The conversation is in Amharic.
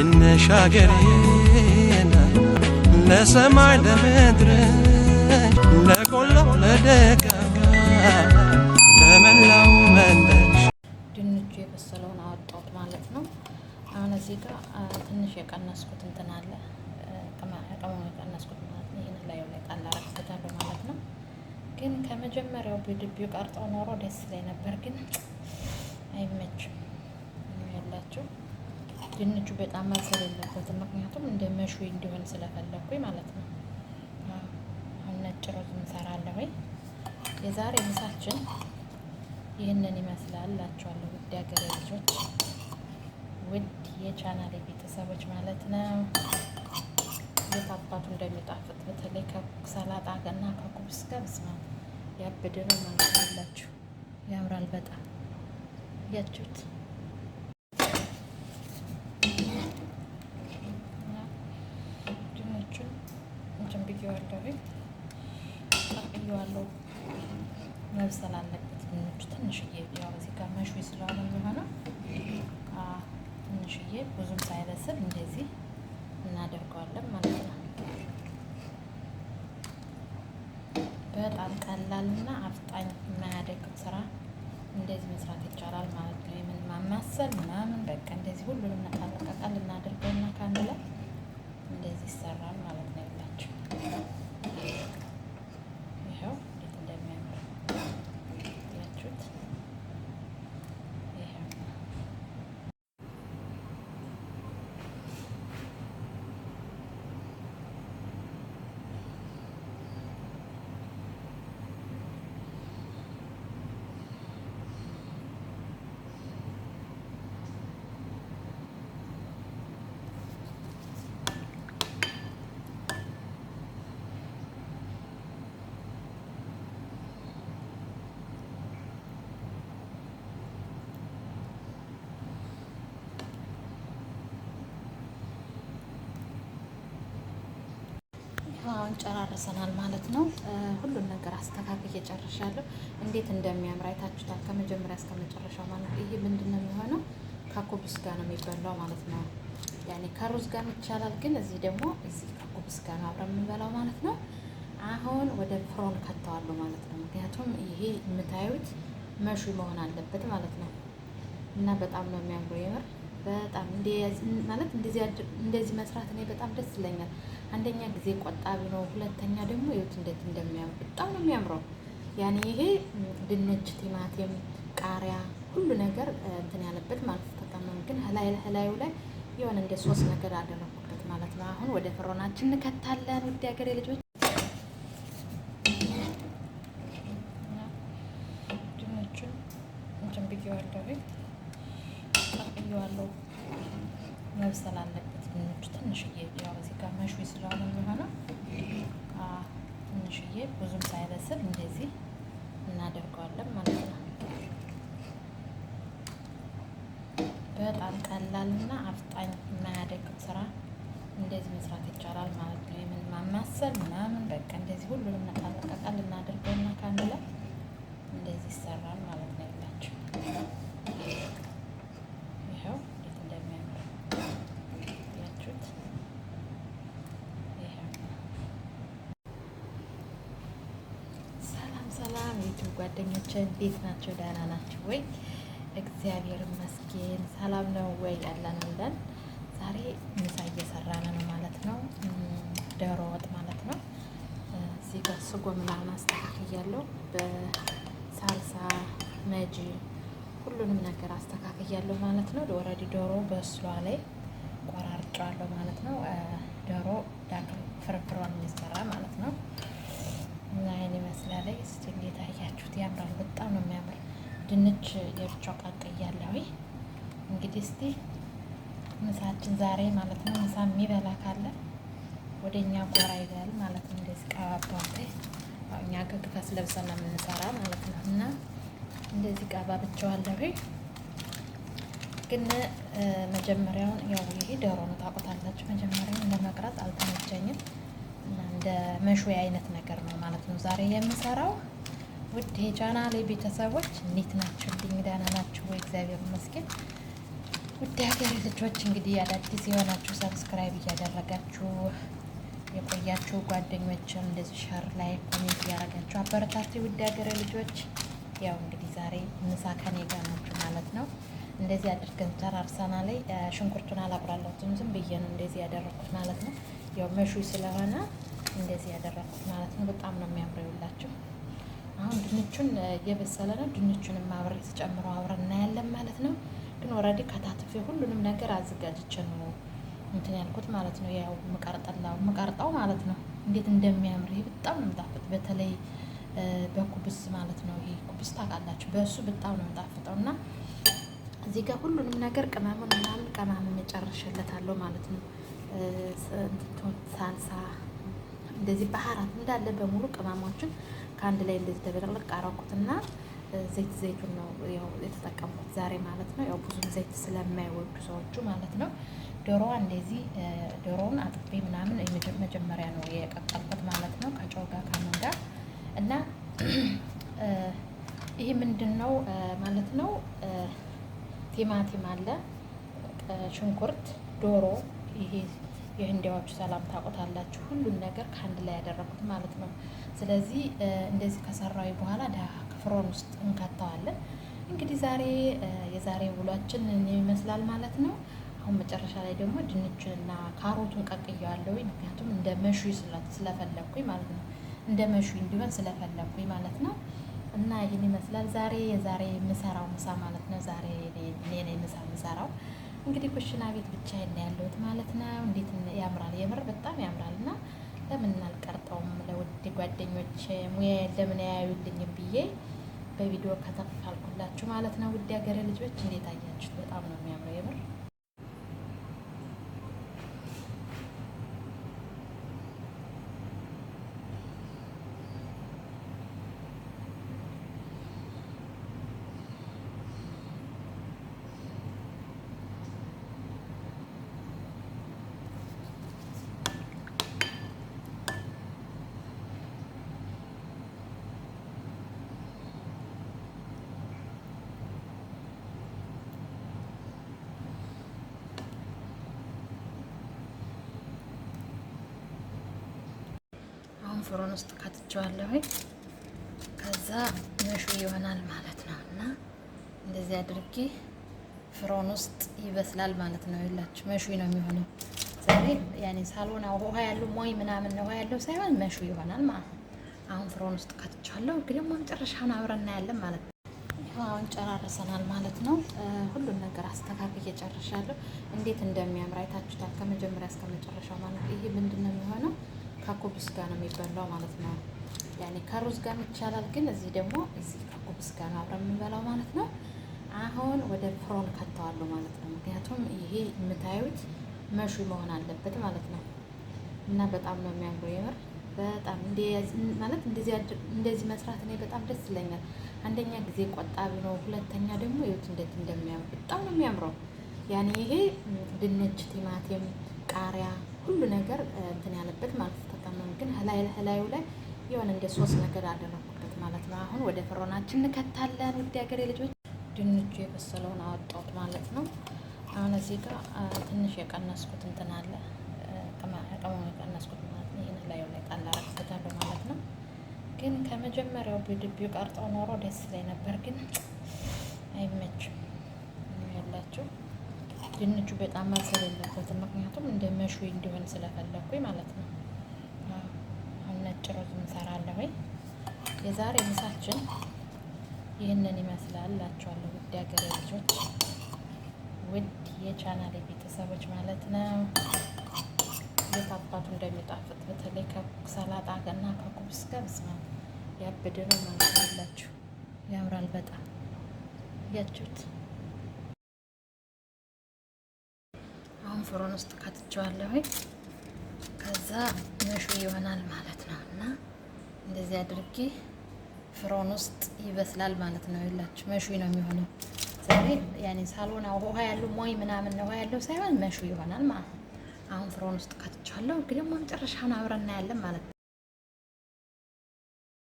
እንሻገር ለሰማይ ለምድር ለቆላው ለደጋጋ ለመላው መንደር ድንቹ የበሰለውን አወጣሁት ማለት ነው። አሁን እዚህ ጋር ትንሽ የቀነስኩት እንትን አለ ቅመም የቀነስኩት ማለት ነው። ይህን ላይ ላይ ጣል አረግበታለሁ ማለት ነው። ግን ከመጀመሪያው ቢድቢው ቀርጠው ኖሮ ደስ ላይ ነበር፣ ግን አይመችም ያላችሁ ድንቹ በጣም ማብሰል የለበትም። ምክንያቱም እንደ መሹ እንዲሆን ስለፈለግኩኝ ማለት ነው። አሁን ነጭ ሮዝ እንሰራለሁ። የዛሬ ምሳችን ይህንን ይመስላል ላችኋለሁ። ውድ ሀገሬ ልጆች፣ ውድ የቻናሌ ቤተሰቦች ማለት ነው። የት አባቱ እንደሚጣፍጥ በተለይ ከሰላጣ እና ከኩብስ ገብስ ነው ያብድ ነው ማለት ያላችሁ ያምራል በጣም ያችሁት አድርጌዋለሁ። መብሰል አለበት ድንቹ ትንሽዬ፣ ያው እዚህ ጋር መሹ ስለሆነ የሚሆነው ትንሽዬ፣ ብዙም ሳይበስል እንደዚህ እናደርገዋለን ማለት ነው። በጣም ቀላል ቀላልና አፍጣኝ የማያደግም ስራ እንደዚህ መስራት ይቻላል ማለት ነው። የምን ማማሰል ምናምን በቃ እንደዚህ ሁሉንም ነቃ ቀቀል እናደርገውና ካንለ እንደዚህ ጨራርሰናል ማለት ነው። ሁሉን ነገር አስተካክዬ ጨርሻለሁ። እንዴት እንደሚያምር አይታችሁታል፣ ከመጀመሪያ እስከ መጨረሻው ማለት ነው። ይሄ ምንድን ነው የሚሆነው? ከኩብስ ጋር ነው የሚበላው ማለት ነው። ያኔ ከሩዝ ጋር ይቻላል፣ ግን እዚህ ደግሞ እዚህ ከኩብስ ጋር ነው አብረን የምንበላው ማለት ነው። አሁን ወደ ፍሮን ከተዋሉ ማለት ነው። ምክንያቱም ይሄ የምታዩት መሹ መሆን አለበት ማለት ነው። እና በጣም ነው የሚያምሩ የምር በጣም ማለት እንደዚህ መስራት እኔ በጣም ደስ ይለኛል። አንደኛ ጊዜ ቆጣቢ ነው፣ ሁለተኛ ደግሞ ይኸውት እንዴት እንደሚያምር በጣም ነው የሚያምረው። ያኔ ይሄ ድንች፣ ቲማቲም፣ ቃሪያ ሁሉ ነገር እንትን ያለበት ማለት ተጠቀመም፣ ግን ህላዩ ላይ የሆነ እንደ ሶስት ነገር አደረኩበት ማለት ነው። አሁን ወደ ፍሮናችን እንከታለን። ውድ ሀገሬ ልጆች ድንቹን እንትን ብዬዋለሁ አብስዬዋለሁ። መብሰል አለበት ድንቹ ትንሽዬ። ያው እዚህ ጋር መሹ ስለሆነ የሚሆነው ትንሽዬ ብዙም ሳይበስል እንደዚህ እናደርገዋለን ማለት ነው። በጣም ቀላል ቀላልና አፍጣኝ የማያደግ ስራ እንደዚህ መስራት ይቻላል ማለት ነው። የምን ማማሰል ምናምን በቃ እንደዚህ ሁሉንም ነጣ ቀቀል እናደርገውና ከአንድ ላይ እንደዚህ ይሰራል ማለት ነው። የላቸው ጓደኞቼ እንዴት ናቸው? ደህና ናቸው ወይ? እግዚአብሔር ይመስገን። ሰላም ነው ወይ? ያለን አለን። ዛሬ ምሳ እየሰራን ነው ማለት ነው። ዶሮ ወጥ ማለት ነው። እዚህ ጋር ስጎ ምናምን አስተካክያለሁ። በሳልሳ መጂ ሁሉንም ነገር አስተካክያለሁ ማለት ነው። ወረዲ ዶሮ በስሏ ላይ ቆራርጫለሁ ማለት ነው። ዶሮ ዳክል ፍርፍሯን ላይ እስቲ እንዴት አያችሁት? ያምራል። በጣም ነው የሚያምር። ድንች የብቻው ቃቀያለሁ። እንግዲህ እስቲ ምሳችን ዛሬ ማለት ነው። ምሳ የሚበላ ካለ ወደ እኛ ጎራ ይበል ማለት ነው። እንደዚህ ቀባባ እኛ ከግፋስ ለብሰን ነው የምንሰራ ማለት ነው። እና እንደዚህ ቀባ ቀባብቸዋለሁ። ግን መጀመሪያውን ያው ይሄ ዶሮ ነው ታውቁታላችሁ። መጀመሪያውን ለመቅረጽ አልተመቸኝም። እና እንደ መሾያ አይነት ነገር ነው ማለት ነው ዛሬ የምሰራው። ውድ የቻናሌ ቤተሰቦች እንዴት ናቸው? እንዲህ ደህና ናቸው ወይ? እግዚአብሔር ይመስገን። ውድ ሀገሬ ልጆች እንግዲህ አዳዲስ የሆናችሁ ሰብስክራይብ እያደረጋችሁ የቆያችሁ ጓደኞችን እንደዚህ ሸር ላይ ኮሜንት እያደረጋችሁ አበረታቴ ውድ ሀገሬ ልጆች ያው እንግዲህ ዛሬ ምሳ ከኔ ጋር ናችሁ ማለት ነው። እንደዚህ አድርገን ተራርሰና ላይ ሽንኩርቱን አላቁላለሁትም ዝም ብዬ ነው እንደዚህ ያደረኩት ማለት ነው። ያው መሹ ስለሆነ እንደዚህ ያደረኩት ማለት ነው። በጣም ነው የሚያምረው ይላችሁ። አሁን ድንቹን እየበሰለ ነው። ድንቹንም ማብሬ ተጨምሮ አብረን እናያለን ማለት ነው። ግን ኦልሬዲ ከታትፌ ሁሉንም ነገር አዘጋጅቼ ነው እንትን ያልኩት ማለት ነው። ያው መቀርጠላው መቀርጣው ማለት ነው። እንዴት እንደሚያምር ይሄ በጣም ነው የምጣፍጥ። በተለይ በኩብስ ማለት ነው። ይሄ ኩብስ ታውቃላችሁ፣ በእሱ በጣም ነው የምጣፍጠው እና እዚህ ጋር ሁሉንም ነገር ቅመሙን ምናምን ቅመም መጨረሻለታለሁ ማለት ነው። ሳልሳ እንደዚህ ባህራት እንዳለ በሙሉ ቅመሞችን ከአንድ ላይ እንደዚህ ተበለቅለቅ አረኩትና ዘይት ዘይቱን ነው ያው የተጠቀምኩት ዛሬ ማለት ነው። ያው ብዙም ዘይት ስለማይወዱ ሰዎቹ ማለት ነው። ዶሮዋ እንደዚህ ዶሮውን አጥቤ ምናምን መጀመሪያ ነው የቀቀልኩት ማለት ነው። ከጨው ጋር ከምን ጋር እና ይሄ ምንድን ነው ማለት ነው። ቲማቲም አለ፣ ሽንኩርት፣ ዶሮ ይሄ የህንዲያዎቹ ሰላም ታውቆታላችሁ። ሁሉን ነገር ከአንድ ላይ ያደረጉት ማለት ነው። ስለዚህ እንደዚህ ከሰራዊ በኋላ ዳ ክፍሮን ውስጥ እንከተዋለን። እንግዲህ ዛሬ የዛሬ ውሏችን ይመስላል ማለት ነው። አሁን መጨረሻ ላይ ደግሞ ድንቹንና ካሮቱን ቀቅየዋለሁ። ምክንያቱም እንደ መሹ ስለፈለግኩኝ ማለት ነው። እንደ መሹ እንዲሆን ስለፈለግኩኝ ማለት ነው። እና ይህን ይመስላል ዛሬ የዛሬ የምሰራው ምሳ ማለት ነው። ዛሬ እኔ ምሳ የምሰራው እንግዲህ ኩሽና ቤት ብቻ ነው ያለሁት ማለት ነው። እንዴት ያምራል! የምር በጣም ያምራል። እና ለምን አልቀርጠውም? ለውድ ጓደኞች ሙያ ለምን ያዩልኝም ብዬ በቪዲዮ ከተፋልኩላችሁ ማለት ነው። ውድ ሀገሬ ልጆች እንዴት አያችሁት? በጣም ነው የሚያምረው የምር ፍሮን ውስጥ ከትቸዋለሁ። ከዛ መሹ ይሆናል ማለት ነው። እና እንደዚህ አድርጌ ፍሮን ውስጥ ይበስላል ማለት ነው። ይላችሁ መሹ ነው የሚሆነው ዛሬ ያኔ ሳሎና ውሃ ያለው ሞይ ምናምን ውሃ ያለው ሳይሆን መሹ ይሆናል ማለት ነው። አሁን ፍሮን ውስጥ ከትቸዋለሁ። እንግዲህ ደግሞ መጨረሻውን አብረን እናያለን ማለት ነው። አሁን ጨራርሰናል ማለት ነው። ሁሉን ነገር አስተካክዬ ጨርሻለሁ። እንዴት እንደሚያምር አይታችሁታል ከመጀመሪያ እስከ መጨረሻው ማለት ይሄ ምንድን ነው የሚሆነው ከኩብስ ጋር ነው የሚበላው ማለት ነው። ያኔ ከሩዝ ጋር ይቻላል፣ ግን እዚህ ደግሞ እዚህ ከኩብስ ጋር ነው አብረን የምንበላው ማለት ነው። አሁን ወደ ፍሮን ከተዋሉ ማለት ነው። ምክንያቱም ይሄ የምታዩት መሹ መሆን አለበት ማለት ነው። እና በጣም ነው የሚያምረው የምር በጣም ማለት እንደዚህ መስራት እኔ በጣም ደስ ይለኛል። አንደኛ ጊዜ ቆጣቢ ነው፣ ሁለተኛ ደግሞ ይኸውት እንዴት እንደሚያምር በጣም ነው የሚያምረው። ያኔ ይሄ ድንች፣ ቲማቲም፣ ቃሪያ ሁሉ ነገር እንትን ያለበት ማለት ነው። ግን ህላዩ ላይ የሆነ እንደ ሶስት ነገር አደረኩበት ማለት ነው። አሁን ወደ ፍሮናችን እንከታለን። ውድ ሀገሬ ልጆች ድንቹ የበሰለውን አወጣሁት ማለት ነው። አሁን እዚህ ጋር ትንሽ የቀነስኩት እንትን አለ ቅመሙ የቀነስኩት ማለት ነው። ይህን ላዩ ላይ ጣል አደረግበታለሁ ማለት ነው። ግን ከመጀመሪያው ቢድቢው ቀርጦ ኖሮ ደስ ላይ ነበር፣ ግን አይመችም ያላቸው ድንቹ በጣም ማብሰል የለበትም። ምክንያቱም እንደ መሹ እንዲሆን ስለፈለግኩኝ ማለት ነው። ነጭ ሩዝ እንሰራለሁ። የዛሬ ምሳችን ይህንን ይመስላል ላችኋለሁ። ውድ ሀገሬ ልጆች፣ ውድ የቻናሌ ቤተሰቦች ማለት ነው። የት አባቱ እንደሚጣፍጥ በተለይ ከሰላጣ እና ከኩብስ ጋር ብስማ ያብድ ማለት አላችሁ። ያምራል በጣም እያችሁት አሁን ፍሮን ውስጥ ካትቸዋለሁ። ከዛ መሾ ይሆናል ማለት ነው። እና እንደዚህ አድርጌ ፍሮን ውስጥ ይበስላል ማለት ነው። ይላችሁ መሹ ነው የሚሆነው ዛሬ ያኔ ሳሎና ውሃ ያለው ሞይ ምናምን ውሃ ያለው ሳይሆን መሹ ይሆናል ማለት ነው። አሁን ፍሮን ውስጥ ካትቻለሁ። ግን ደግሞ መጨረሻውን አብረን እናያለን ማለት ነው።